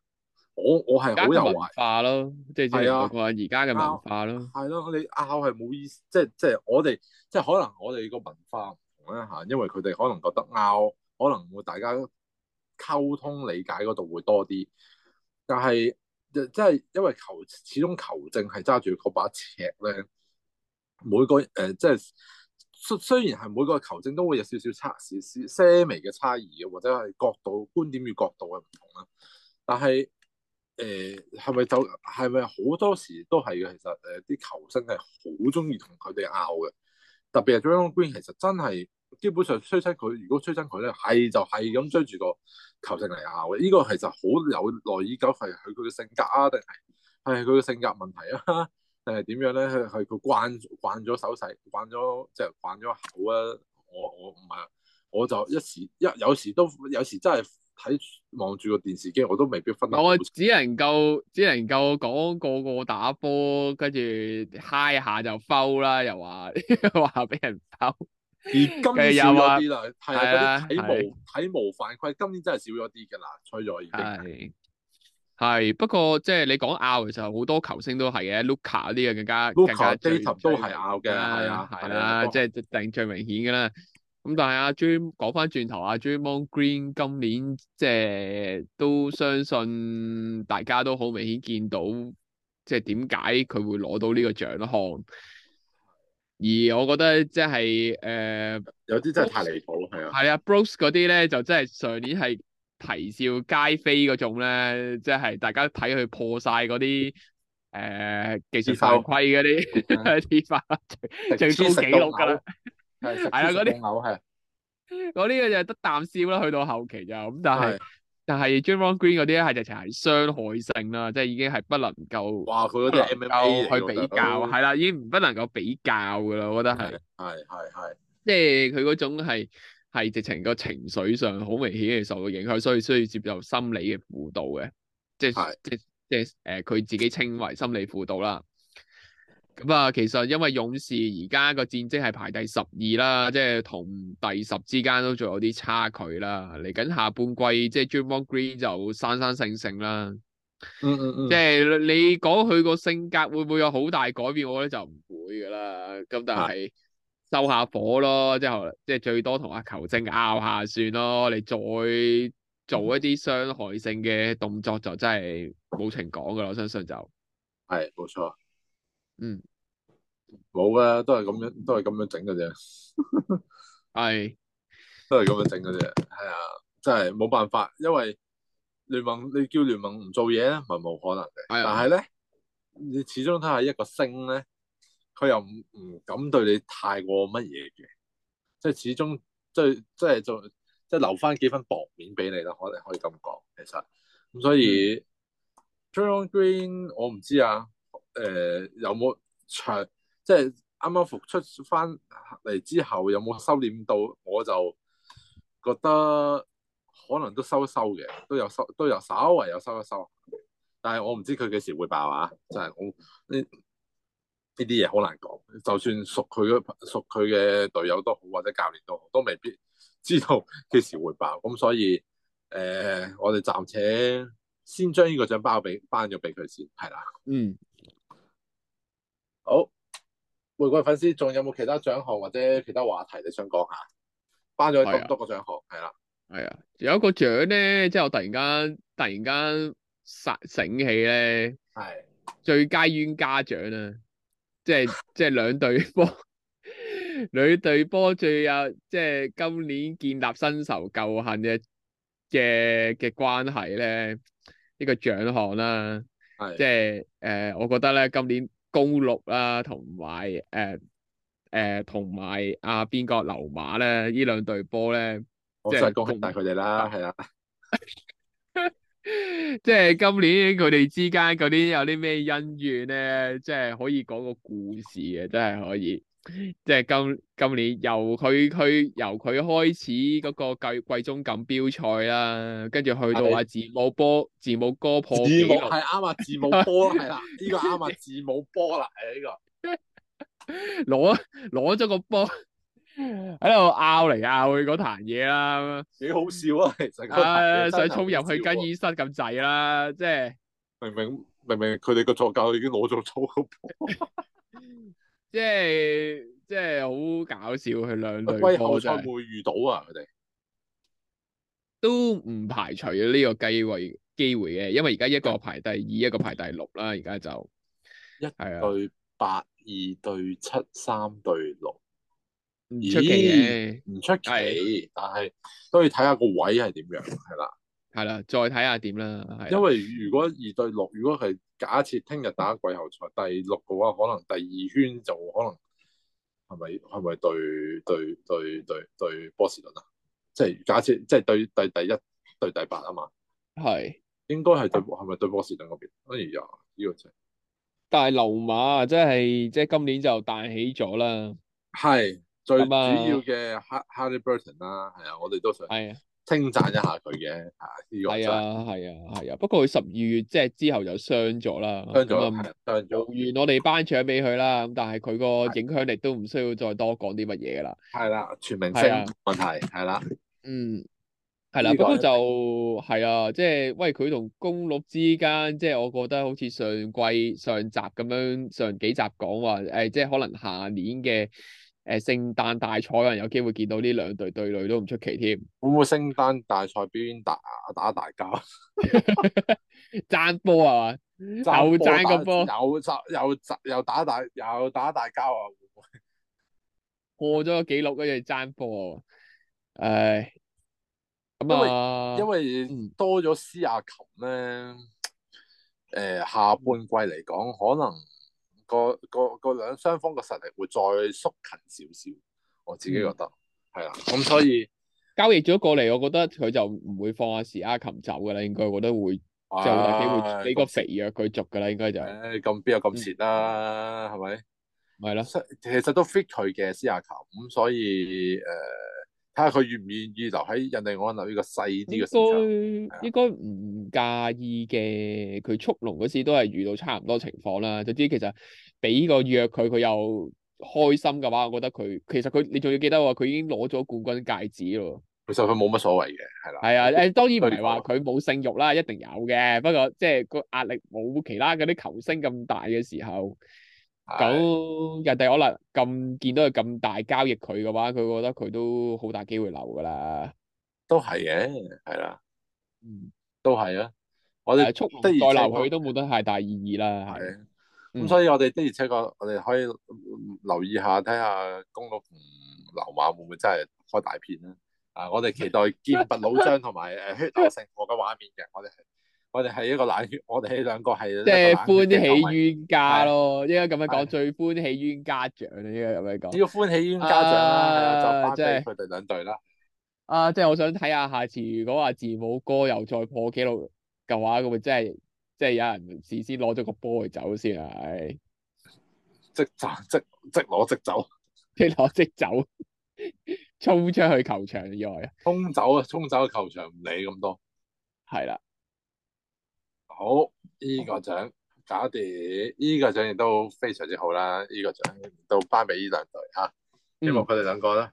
我我係好有文化咯，即係係啊，而家嘅文化咯，係咯，你拗係冇意思，即係即係我哋即係可能我哋個文化唔同啦吓，因為佢哋可能覺得拗可能會大家溝通理解嗰度會多啲，但係。即係因為球始終球證係揸住嗰把尺咧，每個誒即係雖雖然係每個球證都會有少少差，少少、些微嘅差異嘅，或者係角度、觀點與角度係唔同啦。但係誒係咪就係咪好多時都係嘅？其實誒啲、呃、球星係好中意同佢哋拗嘅。特別係中央 a 其實真係基本上吹親佢，如果吹親佢咧，係就係咁追住個球星嚟下。呢個其實好有內意久，究竟係佢佢嘅性格啊，定係係佢嘅性格問題啊，定係點樣咧？係係佢慣慣咗手勢，慣咗即係慣咗、就是、口啊！我我唔係，我就一時一有時都有時真係。睇望住個電視機，我都未必分得。我只能夠只能夠講個個打波，跟住嗨下就 foul 啦，又話話俾人 f 而今年少咗啲啦，係啊，睇模睇無犯規，今年真係少咗啲噶啦，吹咗已經。係係，不過即係你講拗嘅時候，好多球星都係嘅，Luka 啲嘅更加 Luka j c 都係拗嘅，係啦，即係定最明顯噶啦。咁但係阿朱講翻轉頭，阿、啊、Draymond Green 今年即係都相信大家都好明顯見到，即係點解佢會攞到呢個獎項？而我覺得即係誒，呃、有啲真係太離譜咯，係 Bruce, 啊，係啊 Brooks 嗰啲咧就真係上年係啼笑皆非嗰種咧，即係大家睇佢破晒嗰啲誒技術犯規嗰啲， 最高紀錄噶啦。係啦，嗰啲狗係，嗰啲嘅就係得啖笑啦。去到後期就咁，但係但係 Draymond Green 嗰啲係直情係傷害性啦，即係已經係不能夠哇，佢嗰啲 MMA 去比較，係啦，已經唔不能夠比較噶啦，我覺得係，係係係，即係佢嗰種係係直情個情緒上好明顯嘅受到影響，所以需要接受心理嘅輔導嘅，即係即即係誒，佢自己稱為心理輔導啦。咁啊，其實因為勇士而家個戰績係排第十二啦，即係同第十之間都仲有啲差距啦。嚟緊下，下半季，即係 Draymond Green 就生生性性啦。即係、嗯嗯嗯、你講佢個性格會唔會有好大改變？我覺得就唔會噶啦。咁但係收下火咯，之後即係、就是、最多同阿球證拗下算咯。你再做一啲傷害性嘅動作就真係冇情講噶啦。我相信就係冇錯。嗯，冇噶，都係咁樣，都係咁樣整嘅啫。係 是，都係咁樣整嘅啫。係啊，真係冇辦法，因為聯盟你叫聯盟唔做嘢咧，係冇可能嘅。啊、但係咧，你始終都係一個星咧，佢又唔唔敢對你太過乜嘢嘅，即係始終，即係即係做，即係留翻幾分薄面俾你啦。可能可以咁講，其實咁所以，John Green，、嗯、我唔知啊。誒、呃，有冇長？即係啱啱復出翻嚟之後，有冇收斂到？我就覺得可能都收一收嘅，都有收，都有稍為有收一收。但係我唔知佢幾時會爆啊！真係好，呢啲嘢好難講。就算熟佢嘅，熟佢嘅隊友都好，或者教練都好，都未必知道幾時會爆。咁、嗯、所以誒、呃，我哋暫且先將呢個獎包俾翻咗俾佢先，係啦，嗯。好，回歸粉絲，仲有冇其他獎項或者其他話題你想講下？頒咗咁多個獎項，係啦、哎呀，係啊了，有一個獎咧，即、就、係、是、我突然間突然間醒醒起咧，係的最佳冤家獎啊。即係即係兩隊波兩隊波最有即係、就是、今年建立新仇舊恨嘅嘅嘅關係咧，呢、這個獎項啦，係即係誒，我覺得咧今年。公鹿啦，同埋誒誒，同埋阿邊個溜馬咧？呢兩隊波咧，即係恭喜曬佢哋啦，係啊！即係今年佢哋之間嗰啲有啲咩恩怨咧，即係可以講個故事嘅，真係可以。即係今今年由佢佢由佢開始嗰個季季中錦標賽啦，跟住去到阿字母波字母哥破，係啱啊！字母，母，母，、啊、母波係啦，呢個啱啊！字母波啦，誒、這、呢個攞攞咗個波喺度拗嚟拗去嗰壇嘢啦，幾好笑啊！其實誒、啊、想衝入去更衣室咁滯啦，即係是明明明明佢哋個助教已經攞咗粗個波。即係即係好搞笑，佢兩隊季後賽會遇到啊！佢哋都唔排除呢個機會機會嘅，因為而家一個排第二，一個排第六啦。而家就一對八、啊，二對七，三對六。唔出奇嘅，唔咦出奇，對但係都要睇下個位係點樣，係啦。係啦， 再睇下點啦。因為如果二對六，如果係假設聽日打季後賽第六嘅話，可能第二圈就可能係咪係咪對對對對對波士頓啊？即係假設即係對對第一對第八啊嘛。係應該係對係咪對波士頓嗰邊？哎呀，呢、這個真。但係流馬啊，即係即係今年就大起咗啦。係最主要嘅 Haliburton 啦，係啊，我哋都想的。係。稱讚一下佢嘅，係、這個、啊係啊係啊，啊，不過佢十二月即係、就是、之後就傷咗啦了就，傷咗，傷咗，完我哋頒獎俾佢啦。咁但係佢個影響力都唔需要再多講啲乜嘢噶啦。係啦，全明星的問題係啦。嗯，係啦，咁這個 就係啊，即係的、就是、喂，佢同公鹿之間，即、就、係、是、我覺得好似上季上集咁樣，上幾集講話，誒、呃，即、就、係、是、可能下年嘅。誒，聖誕大賽可能有機會見到呢兩隊對壘都唔出奇添。會唔會聖誕大賽邊打打大交？爭波啊嘛？又 爭個波，又又又打大又打大交啊？會唔會破咗個紀錄嘅嘢爭波？誒為，咁啊、呃，因為多咗施亞琴咧，誒、呃，下半季嚟講可能。個個個兩雙方嘅實力會再縮近少少，我自己覺得係啦。咁、嗯、所以交易咗過嚟，我覺得佢就唔會放施亞琴走㗎啦。應該覺得會就係大機會俾個肥約佢續㗎啦。應該就誒、係、咁，邊、欸、有咁蝕啦？係咪？係啦，其實都 fit 佢嘅施亞琴咁，所以誒。呃睇下佢願唔願意留喺印第安納呢個細啲嘅市場該，的應該唔介意嘅。佢速龍嗰時都係遇到差唔多情況啦。總之其實俾個約佢，佢又開心嘅話，我覺得佢其實佢你仲要記得喎、哦，佢已經攞咗冠軍戒指咯。其實佢冇乜所謂嘅，係啦。係啊，誒，當然唔係話佢冇性欲啦，一定有嘅。不過即係個壓力冇其他嗰啲球星咁大嘅時候。咁人哋可能咁見到佢咁大交易佢嘅話，佢覺得佢都好大機會流㗎啦，都係嘅，係啦，嗯，都係啊，我哋的確再留佢都冇得太大意義啦，係，咁所以我哋的而且確我哋可以留意下睇下公鹿同溜馬會唔會真係開大片咧？啊，我哋期待劍拔弩張同埋誒血打成河嘅畫面嘅，我哋係。我哋係一個冷血，我哋呢兩個係即係歡喜冤家咯，對應該咁樣講，對最歡喜冤家長咧，應該咁樣講，只要歡喜冤家長啦，係、啊、就翻俾佢哋兩隊啦。啊，即、就、係、是、我想睇下，下次如果話字母哥又再破紀錄嘅話，咁咪即係即係有人事先攞咗個波去走先啊！唉、哎，即賺即即攞即走，即攞即走，衝 出去球場以外，衝走啊，衝走去球場唔理咁多，係啦。好，呢個獎搞掂，呢個獎亦都非常之好啦。呢個獎到頒俾呢兩隊啊，希望佢哋兩個咧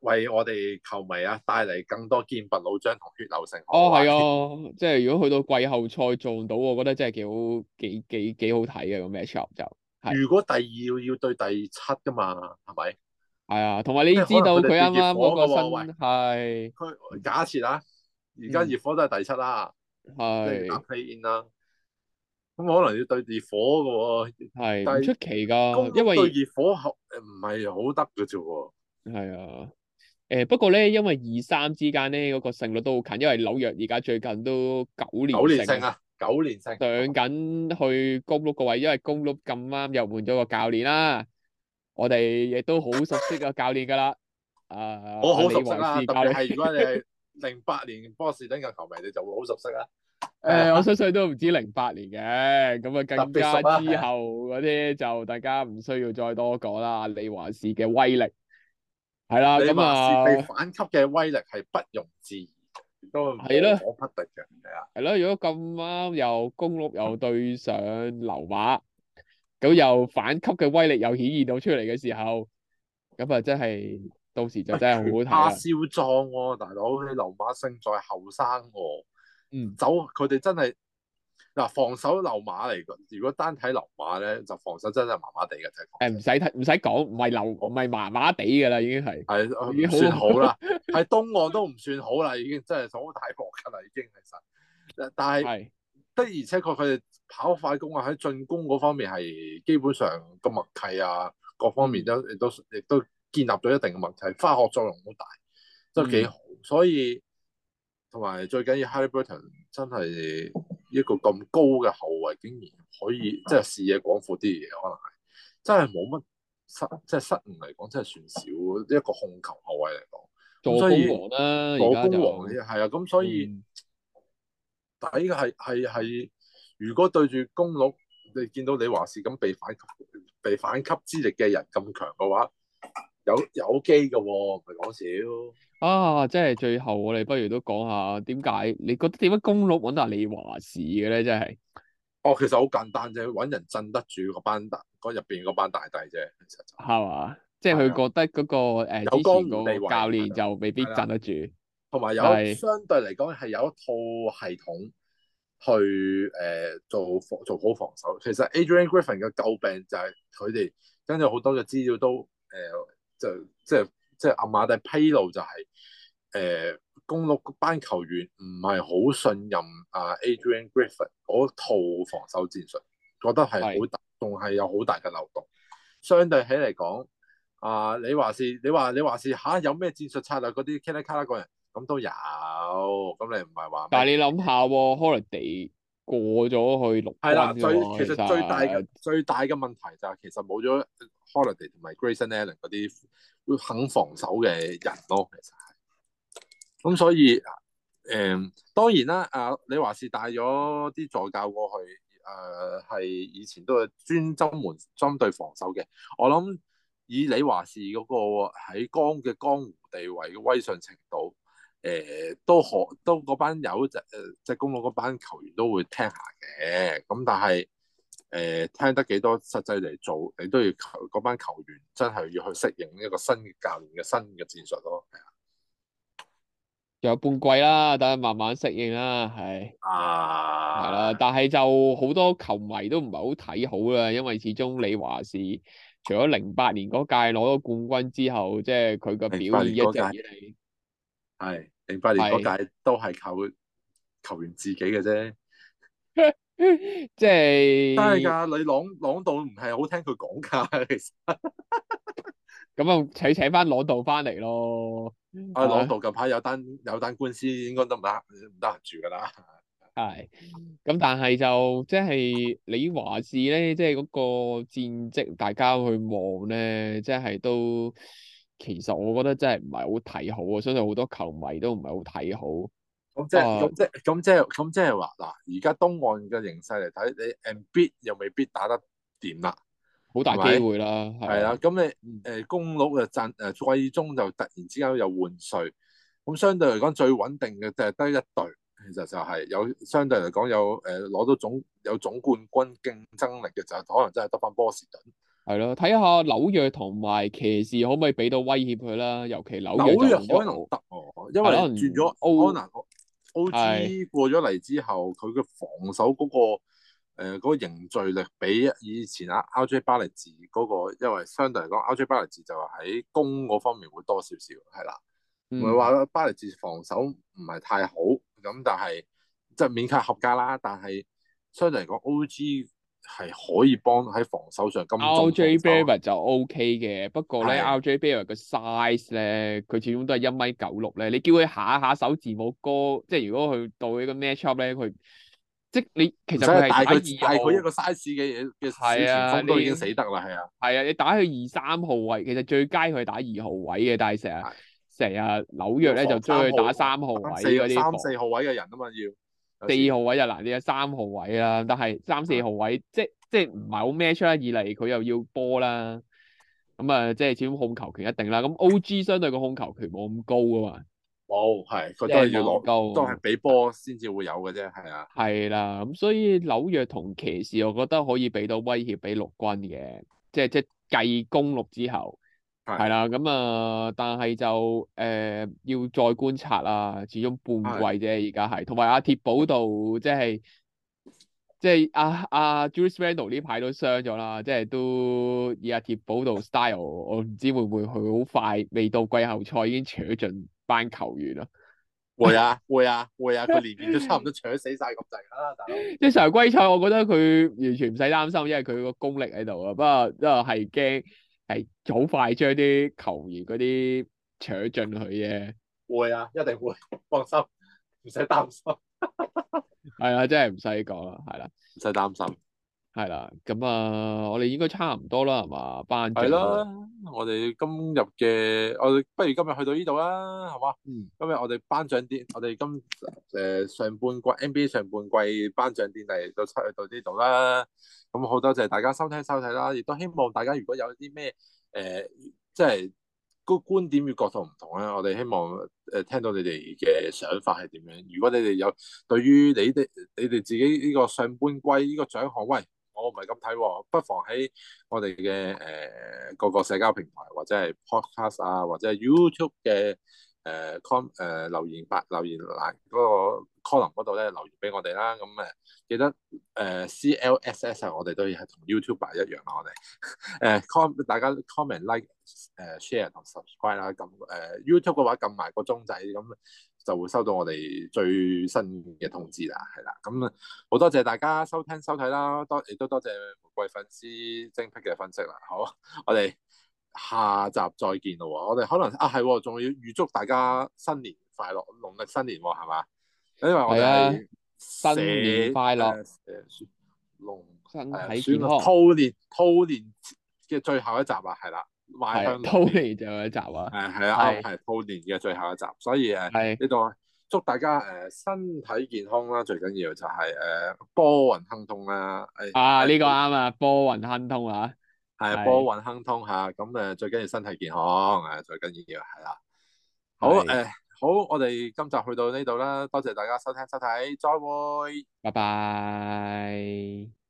為我哋球迷啊帶嚟更多劍拔弩張同血流成河。哦，係啊，即係如果去到季後賽做到，我覺得真係幾好，幾幾幾好睇嘅咁嘅 matchup 就。如果第二要要對第七噶嘛，係咪？係啊，同埋你知道佢啱啱嗰個身係。佢的假設啊，而家熱火都係第七啦。嗯係打氣然啦，咁可能要對熱火嘅喎，唔出奇噶，因為對熱火後唔係好得嘅啫喎。係啊，誒，不過咧，因為二三之間咧，嗰個勝率都好近，因為紐約而家最近都九年，九年勝啊，九年勝上緊去公鹿嘅位，因為公鹿咁啱又換咗個教練啦，我哋亦都好熟悉嘅教練噶啦，誒，我好熟悉啊，特別係如果你係。零八年波士頓嘅球迷你就會好熟悉啦。誒，我相信都唔知零八年嘅，咁啊更加之後嗰啲就大家唔需要再多講啦。李華士嘅威力係啦，咁啊，李華士被反級嘅威力係不容置疑，都係。係咯，果匹敵人嚟啊！係咯，如果咁啱又公鹿又對上流馬，咁又反級嘅威力又顯現到出嚟嘅時候，咁啊真係～到時就真係好怕少壯喎、啊，大佬，你流馬勝在後生喎、啊，嗯，走佢哋真係嗱防守流馬嚟。如果單睇流馬咧，就防守真係麻麻地嘅。誒唔使睇，唔使講，唔係流唔係麻麻地嘅啦，已經係係是已經算好啦，喺 東岸都唔算好啦，已經真係好大波嘅啦，已經其實，但係是的而且確佢哋跑快攻啊，喺進攻嗰方面係基本上個默契啊，各方面都亦都亦都。都都都都建立咗一定嘅問題，化學作用好大，都幾好。嗯、所以同埋最緊要 Haliburton 真係一個咁高嘅後衞竟然可以即係、嗯、視野廣闊啲嘅嘢，可能係真係冇乜失，即係失誤嚟講真係算少。一個控球後衞嚟講，助攻王啦，助攻王先係啊。咁所以，但係依個係如果對住公鹿，你見到李華士咁被反被反擊之力嘅人咁強嘅話，有有機嘅喎，唔係講笑啊！即係最後我哋不如都講下點解你覺得點樣公鹿搵得阿李華士嘅咧？即係哦，其實好簡單啫，搵人鎮得住嗰班大嗰入邊嗰班大帝啫。其係嘛？吧吧即係佢覺得嗰、那個誒有江湖嘅教練就未必鎮得住，同埋、啊、有，有相對嚟講係有一套系統去誒做做好防守。其實 Adrian Griffin 嘅詬病就係佢哋跟住好多嘅資料都誒。呃就即係即係阿馬蒂披露就係、是、誒、呃、公鹿班球員唔係好信任阿、啊、Adrian Griffin 嗰套防守戰術，覺得係好大，仲係有好大嘅漏洞。相對起嚟講，啊、呃、你話是，你話你話是嚇、啊、有咩戰術策略嗰啲卡卡個人咁都有，咁你唔係話，但係你諗下喎，Holiday 過咗去六，係啦，最其實最大的最大嘅問題就係、是、其實冇咗。quality 同埋 Grayson Allen 嗰啲會肯防守嘅人咯，其實係咁，所以誒、嗯、當然啦，阿、啊、李華士帶咗啲助教過去，誒、啊，係以前都係專針門針對防守嘅。我諗以李華士嗰個喺江嘅江湖地位嘅威信程度，誒、呃、都可都嗰班友就誒即係公鹿嗰班球員都會聽下嘅。咁但係。誒，聽得幾多實際嚟做，你都要求嗰班球員真係要去適應一個新嘅教練嘅新嘅戰術咯。係啊，仲有半季啦，等佢慢慢適應啦。係啊，係啦，但係就好多球迷都唔係好睇好啦，因為始終李華士除咗零八年嗰屆攞咗冠軍之後，即係佢嘅表現一直係零八年嗰屆的都係靠球員自己嘅啫。 即係真係噶，你朗朗道唔係好聽佢講價，其實咁啊， 就請請翻朗道翻嚟咯。啊，朗道近排有單但有單官司應該，應該都唔得唔得閒住噶啦。係咁，但係就即係李華士咧，即係嗰個戰績，大家去望咧，即係都其實我覺得真係唔係好睇好，我相信好多球迷都唔係好睇好。咁、啊、即係，咁即係，咁即係，咁即係話嗱，而家東岸嘅形勢嚟睇，你 Embiid 又未必打得掂啦，好大機會啦，係啦，咁你誒、呃、公鹿又振，誒、呃、季中就突然之間又換帥，咁相對嚟講最穩定嘅就係得一隊，其實就係有相對嚟講有誒攞、呃、到總有總冠軍競爭力嘅就可能真係得翻波士頓，係咯，睇下紐約同埋騎士可唔可以俾到威脅佢啦，尤其紐約，約可能得哦，因為可能轉咗歐文嗰。嗯嗯嗯 O.G. 過咗嚟之後，佢嘅防守嗰、嗰個誒、呃嗰個、凝聚力比以前阿 R.J. 巴利治嗰個，因為相對嚟講，R.J. 巴利治就喺攻嗰方面會多少少，係啦，唔係話巴利治防守唔係太好咁，但係即係勉強合格啦。但係相對嚟講，O.G. 係可以幫喺防守上咁鐘 RJ Barrett 就 O.K. 嘅，不過咧 RJ Barrett 個 size 咧，佢始終都係一米九六咧。你叫佢下下手字母哥，即係如果佢到個 up 呢個 matchup 咧，佢即係你其實佢係打二號，佢號一個 size 嘅嘢嘅，size。前鋒都已經死得啦，係啊，係啊，你打去二三號位，其實最佳佢打二號位嘅，但係成日成日紐約咧就追佢打三號位嘅三四號位嘅人啊嘛要。四號位就難啲啊，三號位啊，但係三四號位即係即係唔係好 match 啦，二嚟佢又要波啦，咁啊即係始終控球權一定啦，咁 O.G 相對個控球權冇咁高啊嘛，冇係、哦，都係要落勾，都係俾波先至會有嘅啫，係啊，係啦，咁所以紐約同騎士，我覺得可以俾到威脅俾綠軍嘅，即係即係繼公鹿之後。係啦，咁啊、嗯，但係就誒、呃、要再觀察啦，始終半季啫，而家係。同埋阿鐵堡度，即係即係阿阿、啊啊、Julius Randle 呢排都傷咗啦，即係都以阿鐵堡度 style，我唔知會唔會佢好快未到季後賽已經扯盡班球員啦。 會啊，會啊，會啊，佢年年都差唔多搶死晒咁滯啦，大佬。即係常規賽，我覺得佢完全唔使擔心，因為佢個功力喺度啊。不過，因為係驚。係好快將啲球員嗰啲搶進去嘅，會啊，一定會，放心，唔使擔心，係 啊，真係唔使講啦，係啦，唔使擔心。係啦，咁啊，我哋應該差唔多啦，係嘛？頒獎係咯，我哋今日嘅我哋不如今日去到呢度啦，係嘛？嗯、今日我哋頒獎典，我哋今誒上半季 NBA 上半季頒獎典禮都出去到呢度啦。咁好多謝大家收聽收睇啦，亦都希望大家如果有啲咩誒，即、呃、係、係、個觀點與角度唔同咧，我哋希望誒聽到你哋嘅想法係點樣。如果你哋有對於你哋你哋自己呢個上半季呢個獎項，喂～我唔係咁睇，不妨喺我哋嘅誒各個社交平台，或者係 Podcast 啊，或者係 YouTube 嘅。誒，com 誒留言發留言嚟嗰、那個 column 嗰度咧留言俾我哋啦，咁誒記得誒、uh, C L S S 係我哋都要係同 YouTube 一樣啦，我哋誒 comment 大家 comment like 誒、uh, share 同 subscribe 啦，咁、啊、誒 YouTube 嘅話撳埋個鐘仔咁就會收到我哋最新嘅通知啦，係啦，咁好多謝大家收聽收睇啦，多亦都多謝玫瑰粉絲精辟嘅分析啦，好，我哋。下集再見咯，我哋可能啊係，仲要預祝大家新年快樂，農曆新年係嘛？因為我哋係、啊、新年快樂，誒、啊，龍身體健康兔、啊、年兔年嘅最後一集啊，係啦，向兔年最後一集啊，誒係啊，係兔年嘅最後一集，的所以誒呢度祝大家誒身體健康啦、啊，最緊要就係誒波云亨通啦，啊呢個啱啊，波云亨通啊。哎啊這個係啊，波運亨通吓，咁誒最緊要身體健康，誒最緊要係啦。好誒係、呃，好，我哋今集去到呢度啦，多謝大家收聽收睇，再會，拜拜。